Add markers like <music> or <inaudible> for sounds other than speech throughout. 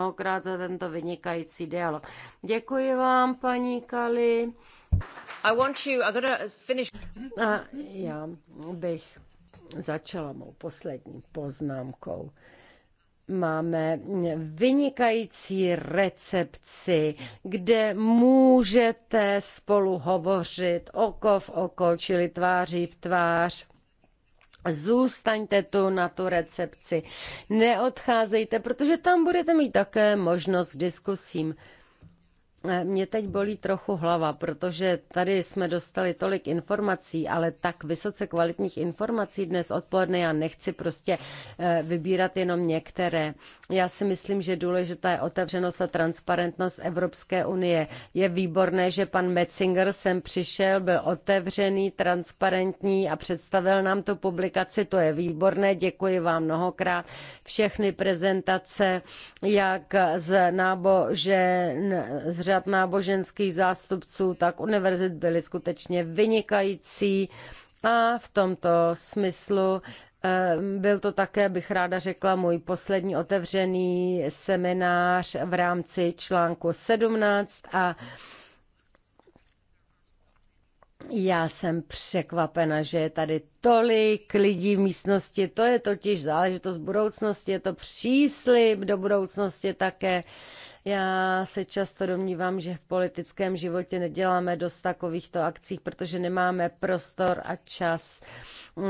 mnohokrát za tento vynikající dialog. Děkuji vám, paní Kali. I want you, I gotta finish. A já bych začala mou poslední poznámkou máme vynikající recepci, kde můžete spolu hovořit oko v oko, čili tváří v tvář. Zůstaňte tu na tu recepci, neodcházejte, protože tam budete mít také možnost k diskusím. Eh, mě teď bolí trochu hlava, protože tady jsme dostali tolik informací, ale tak vysoce kvalitních informací dnes odpoledne. Já nechci prostě eh, vybírat jenom některé. Já si myslím, že důležitá je otevřenost a transparentnost Evropské unie. Je výborné, že pan Metzinger sem přišel, byl otevřený, transparentní a představil nám tu publikaci. To je výborné, děkuji vám mnohokrát. Všechny prezentace, jak z nábože z řad náboženských zástupců, tak univerzit byly skutečně vynikající a v tomto smyslu eh, byl to také, bych ráda řekla, můj poslední otevřený seminář v rámci článku 17 a já jsem překvapena, že je tady tolik lidí v místnosti. To je totiž záležitost budoucnosti, je to příslip do budoucnosti také. Já se často domnívám, že v politickém životě neděláme dost takovýchto akcí, protože nemáme prostor a čas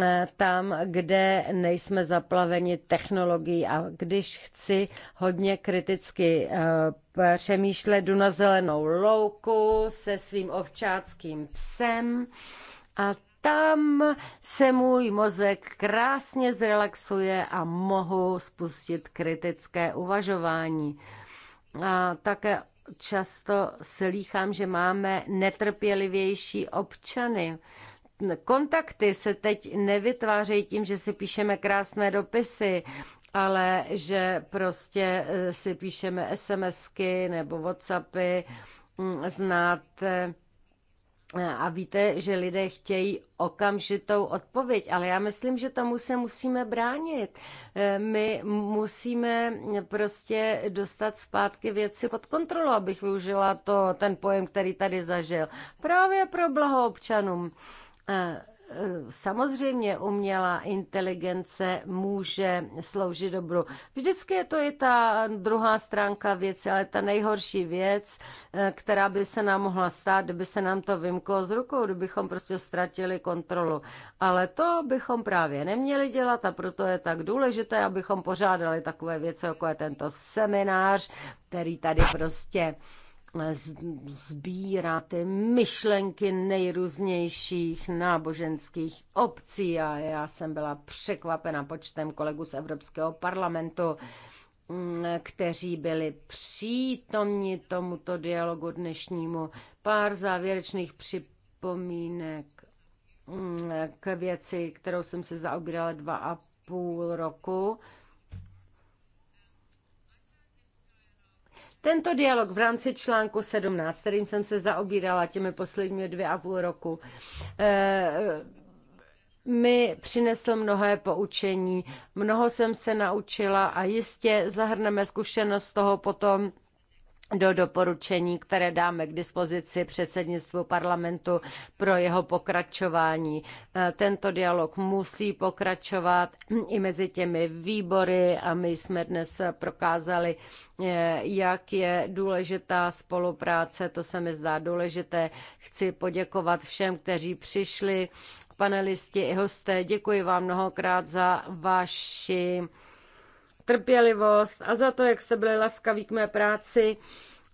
eh, tam, kde nejsme zaplaveni technologií. A když chci hodně kriticky eh, přemýšlet, jdu na zelenou louku se svým ovčáckým psem a tam se můj mozek krásně zrelaxuje a mohu spustit kritické uvažování. A také často slýchám, že máme netrpělivější občany. Kontakty se teď nevytvářejí tím, že si píšeme krásné dopisy, ale že prostě eh, si píšeme SMSky nebo WhatsAppy, mm, znáte a víte, že lidé chtějí okamžitou odpověď, ale já myslím, že tomu se musíme bránit. Eh, my musíme prostě dostat zpátky věci pod kontrolu, abych využila to, ten pojem, který tady zažil. Právě pro blaho občanům. Eh, Samozřejmě umělá inteligence může sloužit dobru. Vždycky je to i ta druhá stránka věci, ale ta nejhorší věc, eh, která by se nám mohla stát, kdyby se nám to vymklo z rukou, kdybychom prostě ztratili kontrolu. Ale to bychom právě neměli dělat a proto je tak důležité, abychom pořádali takové věci, jako je tento seminář, který tady prostě Eh, sbírat myšlenky nejrůznějších náboženských obcí a já jsem byla překvapena počtem kolegů z Evropského parlamentu, mm, kteří byli přítomni tomuto dialogu dnešnímu. Pár závěrečných připomínek mm, k věci, kterou jsem se zaobírala dva a půl roku Tento dialog v rámci článku 17, kterým jsem se zaobírala těmi posledními dvě a půl roku, eh, mi přinesl mnohé poučení, mnoho jsem se naučila a jistě zahrneme zkušenost toho potom do doporučení, které dáme k dispozici předsednictvu parlamentu pro jeho pokračování. E, tento dialog musí pokračovat i mezi těmi výbory a my jsme dnes prokázali, e, jak je důležitá spolupráce, to se mi zdá důležité. Chci poděkovat všem, kteří přišli, panelisti i hosté. Děkuji vám mnohokrát za vaši trpělivost a za to, jak jste byli laskaví k mé práci.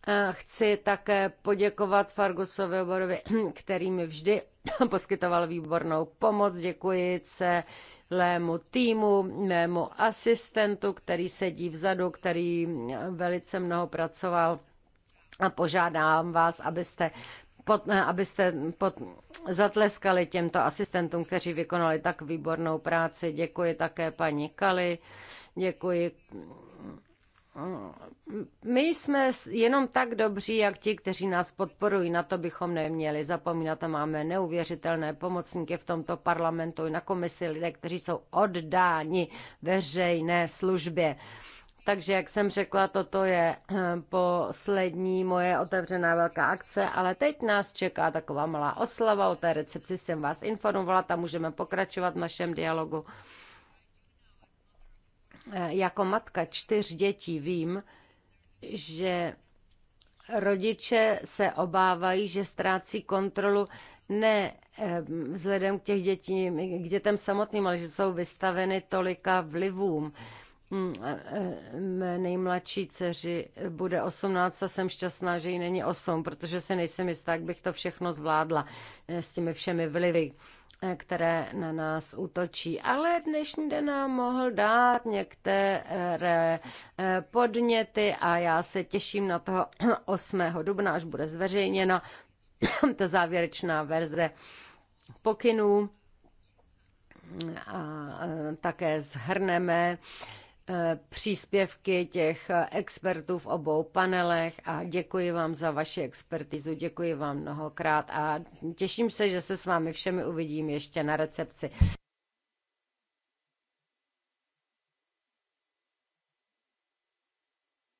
Eh, chci také poděkovat Fargusovi oborovi, <clears throat> který mi vždy <clears throat> poskytoval výbornou pomoc. Děkuji se lému týmu, mému asistentu, který sedí vzadu, který eh, velice mnoho pracoval. A požádám vás, abyste pod, eh, abyste pod, zatleskali těmto asistentům, kteří vykonali tak výbornou práci. Děkuji také paní Kali Děkuji. My jsme jenom tak dobří, jak ti, kteří nás podporují. Na to bychom neměli zapomínat a máme neuvěřitelné pomocníky v tomto parlamentu i na komisi lidé, kteří jsou oddáni veřejné službě. Takže, jak jsem řekla, toto je eh, poslední moje otevřená velká akce, ale teď nás čeká taková malá oslava. O té recepci jsem vás informovala, tam můžeme pokračovat v našem dialogu. Eh, jako matka čtyř dětí vím, že rodiče se obávají, že ztrácí kontrolu ne eh, vzhledem k, těch dětí, k dětem samotným, ale že jsou vystaveny tolika vlivům. Mé hmm, eh, nejmladší dceři bude 18 a jsem šťastná, že jí není 8, protože se nejsem jistá, jak bych to všechno zvládla s těmi všemi vlivy. Eh, které na nás útočí. Ale dnešní den nám mohl dát některé eh, podněty a já se těším na toho 8. <clears throat> dubna, až bude zveřejněna <clears throat> ta závěrečná verze pokynů a eh, také zhrneme Eh, příspěvky těch eh, expertů v obou panelech a děkuji vám za vaši expertizu, děkuji vám mnohokrát a těším se, že se s vámi všemi uvidím ještě na recepci.